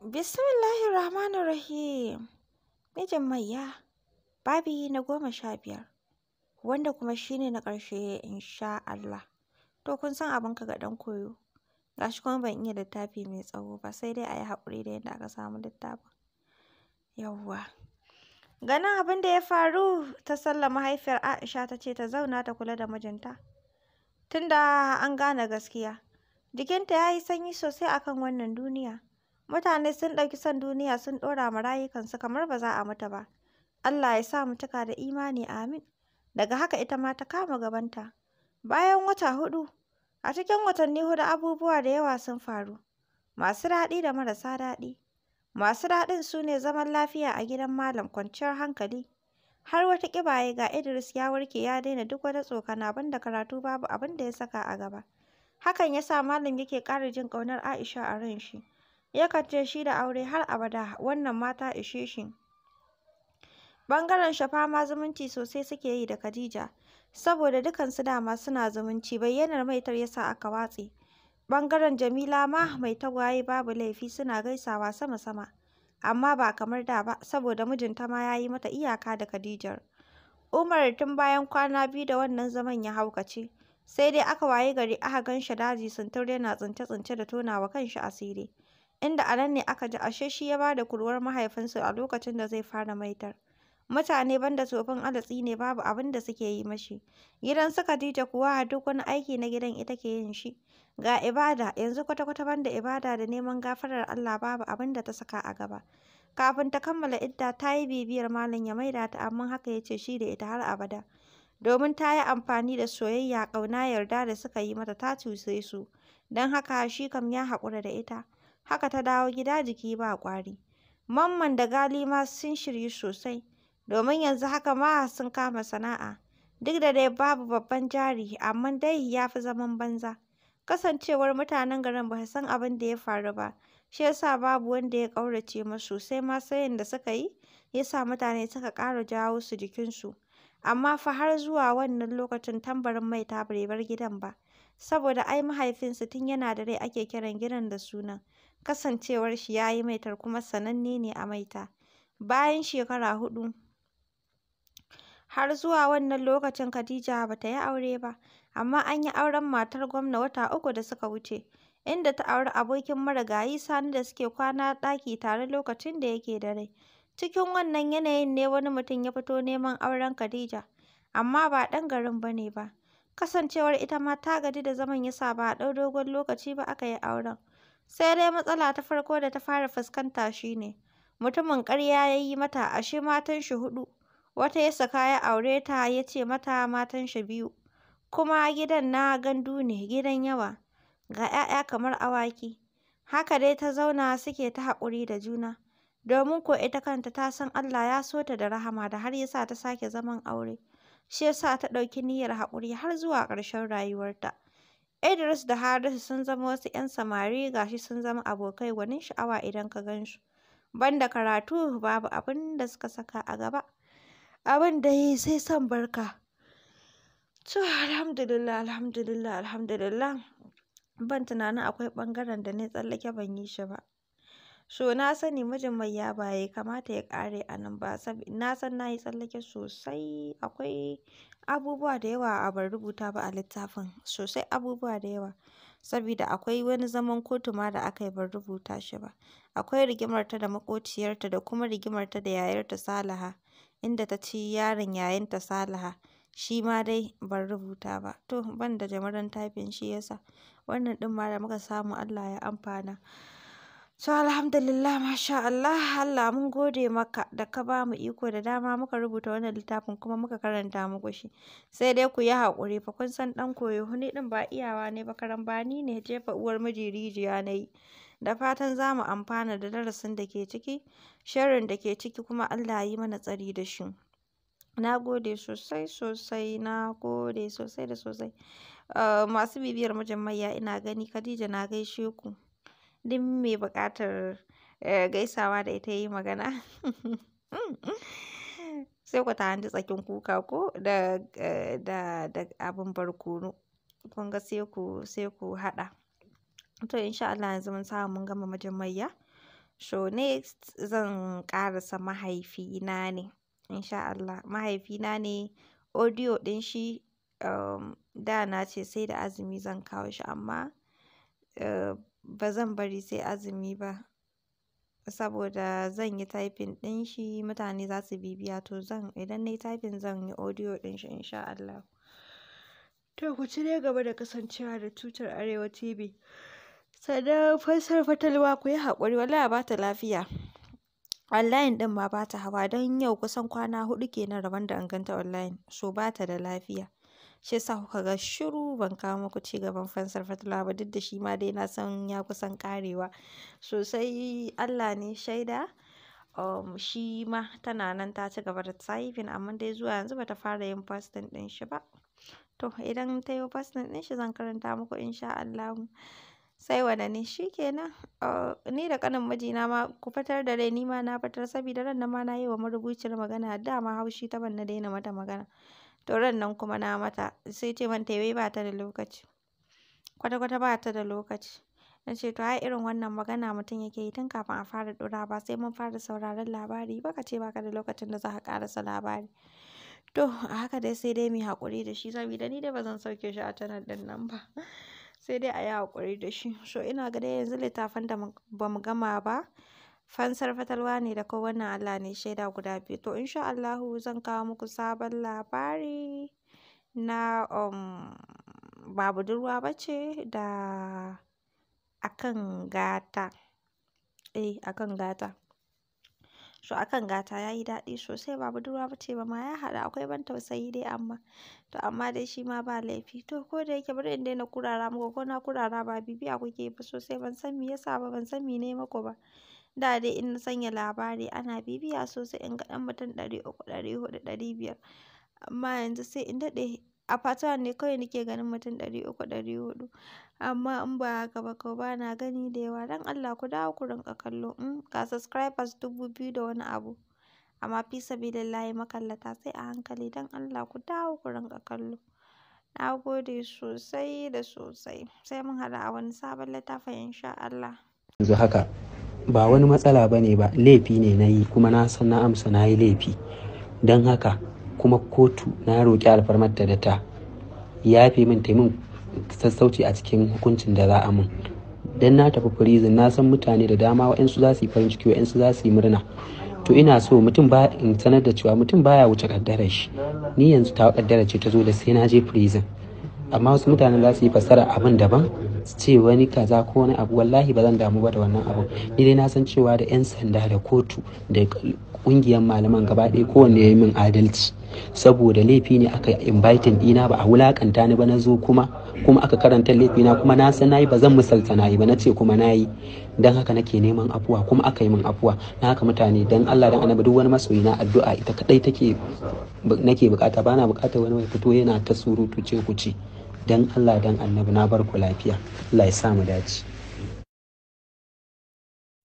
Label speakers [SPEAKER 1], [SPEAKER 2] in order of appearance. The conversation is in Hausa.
[SPEAKER 1] Bismillahirrahmanirrahim. Mijin Maiya, babi na goma sha biyar, wanda kuma shi ne na ƙarshe sha Allah. To kun san abin ka ga ɗan koyo, Gashi kuma ban iya littafi mai tsawo ba sai dai a yi haƙuri da yadda aka samu littafin. Yawwa. Ganin abin da ya faru ta sallama mahaifiyar Aisha ta ce ta zauna ta kula da mijinta. Tunda an gane gaskiya, jikinta ya yi sanyi sosai akan wannan duniya. Mutane sun ɗauki son duniya sun ɗora ma rayukansu kamar ba za a mutu ba. Allah ya sa mu cika da imani amin. Daga haka ita ma ta kama gabanta. Bayan wata huɗu, a cikin watanni hudu, abubuwa da yawa sun faru. Masu daɗi da marasa daɗi. Masu daɗin su ne zaman lafiya a gidan malam kwanciyar hankali. Har wata ƙibaye ga Idris ya warke ya daina duk wata tsokana banda karatu babu abin da ya saka a gaba. Hakan ya sa malam yake ƙara jin ƙaunar Aisha a ran shi. yakan ce shi da aure har abada wannan mata ishe shi ɓangaren shafa ma zumunci sosai suke yi da Khadija saboda dukansu dama suna zumunci bayyanar maitar yasa aka watse ɓangaren Jamila ma mai tagwaye babu laifi suna gaisawa sama-sama amma ba kamar da ba saboda mijinta ma ya yi mata iyaka da Khadijar Umar tun bayan kwana biyu da wannan zaman ya haukace sai dai aka waye gari aka gan daji suntur yana tsince-tsince da tonawa kanshi asiri inda a nan ne aka ji ashe shi ya ba da kurwar mahaifinsu a lokacin da zai fara maitar. Mutane banda tsofin alatsi ne babu abin da suke yi mashi. Gidan su Khadija kuwa duk wani aiki na gidan ita ke yin shi. Ga ibada, yanzu kwata-kwata banda ibada da neman gafarar Allah babu abin da ta saka a gaba. Kafin ta kammala idda ta yi bibiyar malam ya maida ta amma haka ya ce shi da ita har abada. Domin ta yi amfani da soyayya ƙauna yarda da suka yi mata ta cuse su. Don haka shi kam ya haƙura da ita. haka ta dawo gida jiki ba ƙwari. Mamman da Gali ma sun shiryu sosai, domin yanzu haka ma sun kama sana'a. Duk da dai babu babban jari, amma dai ya fi zaman banza. Kasancewar mutanen garin ba san abin da ya faru ba, shi yasa babu wanda ya ƙaurace masu, sai ma sayin da suka yi, ya sa mutane suka ƙara jawo su jikinsu. Amma fa har zuwa wannan lokacin tambarin mai ta bai bar gidan ba, saboda ai mahaifinsu tun yana da rai ake kiran gidan da sunan. kasancewar shi ya yi maitar kuma sananne ne a maita. Bayan shekara hudu. har zuwa wannan lokacin Khadija ba ta yi aure ba, amma an yi auren matar gwamna wata uku da suka wuce, inda ta auri abokin marigayi Sani da suke kwana ɗaki tare lokacin da yake da rai. Cikin wannan yanayin ne wani mutum ya fito neman auren Khadija, amma ba ɗan garin ba ne ba. Kasancewar ita ma ta gaji da zaman ya sa ba a ɗau dogon lokaci ba aka yi auren. Sai dai matsala ta farko da ta fara fuskanta shi ne, mutumin ƙarya ya yi mata ashe matan shi hudu. Wata ya saka ya aure ta ya ce mata matan shi biyu. Kuma gidan na gandu ne, gidan yawa. Ga 'ya'ya kamar awaki. Haka dai ta zauna suke ta haƙuri da juna. Domin ko ita kanta ta san Allah ya so ta da rahama da har yasa ta sake zaman aure. Shi yasa ta ɗauki niyyar haƙuri har zuwa ƙarshen rayuwarta. Idris da Hadiza sun zama wasu 'yan samari ga shi sun zama abokai gwanin sha'awa idan ka gan su. Ban da karatu babu abin da suka saka a gaba. Abin da yi sai son barka. To alhamdulillah alhamdulillah alhamdulillah. Ban tunanin akwai ɓangaren da na tsallake ban yi shi ba. So na sani mijin ya ba ya kamata ya ƙare a nan ba, na san na yi tsallake sosai, akwai abubuwa da yawa ban rubuta ba a littafin, sosai abubuwa da yawa, sabida akwai wani zaman kotu ma da aka yi ban rubuta shi ba, akwai rigimarta da maƙociyarta da kuma rigimarta da yayarta Salaha, inda ta ci yaron yayanta Salaha, shi ma dai ban rubuta ba. To ban da jimirin typing shi ya wannan ɗin ma da muka samu Allah ya amfana. So, alhamdulillah masha Allah Allah mun gode maka da ka ba mu iko da dama muka rubuta wannan littafin kuma muka karanta muku shi. Sai dai ku yi haƙuri fa kun san ɗan koyo huni ɗin ba iyawa ne ba karambani ne jefa uwar miji rijiya na Da fatan za mu amfana da darasin da ke ciki, sharrin da ke ciki kuma Allah yi mana tsari da shi. Na gode sosai sosai, na gode sosai da sosai. Uh, masu bibiyar mijin mayya ina gani Khadija na gaishe ku. duk mai buƙatar eh, gaisawa da ita ya yi magana. Sai ku ta tsakin kuka ko da, eh, da, da abin barkono. Kun ga sai ku, sai ku haɗa. To insha Allah yanzu mun samu mun gama majamayya. So next zan ƙarasa mahaifina ne. Insha Allah mahaifina ne audio ɗin shi um, da na ce sai da azumi zan kawo shi amma uh, ba zan bari sai azumi ba saboda zan yi typing ɗin shi mutane za su bibiya to zan idan na yi typing zan yi audio ɗin shi insha Allah. To ku ci dai gaba da kasancewa da tutar Arewa TV. Sannan fasar fatalwa ku yi haƙuri wallahi ba ta lafiya. Online ɗin ma ba ta hawa don yau kusan kwana huɗu kenan rabon da an ganta online so ba ta da lafiya. Shi yasa kuka ga shiru ban kawo muku ci gaban fansar fatula ba duk da shi ma dai na san ya kusan karewa. Sosai Allah ne shaida. Um, shi ma tana nan ta ci gaba da tsayifin amma dai zuwa yanzu bata fara yin posting ɗin shi ba. To idan ta yi posting ɗin shi zan karanta muku insha allah Sai ne shi kenan. Uh, ni da kanin mijina ma ku fitar da rai ni ma na fitar saboda ran nan ma na yi wa marubuciyar magana dama haushi ta ban na daina mata magana. to nan kuma na mata sai ce man wai ba ta da lokaci kwata-kwata ba ta da lokaci na ce to ai irin wannan magana mutum yake yi tun kafin a fara ɗora ba sai mun fara sauraron labari ba ka ce ba ka da lokacin da za ka karasa labari to a haka dai sai dai mu yi haƙuri da shi saboda ni dai ba zan sauke shi a tanar ɗin nan ba sai dai a yi haƙuri da shi so ina ga dai yanzu littafin da ba mu gama ba fansar fatalwa ne da kowane Allah ne shaida guda biyu to insha Allahu zan kawo muku sabon labari na um, babu budurwa bace da akan gata eh akan gata so akan gata ya yi daɗi sosai ba budurwa ba ce ba ma ya haɗa akwai ban tausayi dai amma to amma dai shi ma ba laifi to ko da yake bari in daina kurara muku ko na kurara ba bibiya kuke ba sosai ban san me yasa ba ban san me ne muku ba da dai in na sanya labari ana bibiya sosai in ga ɗan mutum ɗari uku, ɗari hudu ɗari biyar. Amma yanzu sai in daɗe a Patoown ne kawai nake ganin mutum ɗari uku, ɗari hudu Amma in ba haka ba kau bana gani da yawa. dan Allah ku dawo ku rinka kallo. in mm, ga subscribers dubu biyu da wani abu. Amma fi sabilillahi makallata sai a hankali dan Allah ku dawo ku rinka kallo. Na gode sosai da sosai. Sai mun hada a wani sabon littafin in sha Allah.
[SPEAKER 2] Yanzu haka ba wani matsala ba ne ba laifi ne na yi kuma na san na amsa na yi laifi don haka kuma kotu na roƙi alfarmar da ta yafe min taimun sassauci a cikin hukuncin da za a min don na tafi prison na san mutane da dama wa'yansu za su yi farin ciki wa'yansu za su yi murna to ina so mutum ba in sanar da cewa mutum baya wuce kaddarar shi ni yanzu ta kaddarar ce ta zo da sai na je prison amma wasu mutane za su yi fassara abin daban su ce wani kaza ko wani abu wallahi ba zan damu ba da wannan abu ni dai na san cewa da 'yan sanda da kotu da kungiyar malaman gaba ɗaya kowanne ya yi min adalci saboda laifi ne aka inviting ɗina ba a wulakanta ni ba na zo kuma kuma aka karanta na kuma na san nayi ba zan misalta nayi ba na ce kuma nayi dan haka nake neman afuwa kuma aka yi min afuwa na haka mutane dan Allah dan annabi duk wani masoyi na addu'a ita kadai take nake bukata bana bukata wani mai fito yana ta surutu ce ku ce dan Allah dan annabi na bar barku lafiya Allah ya sa mu dace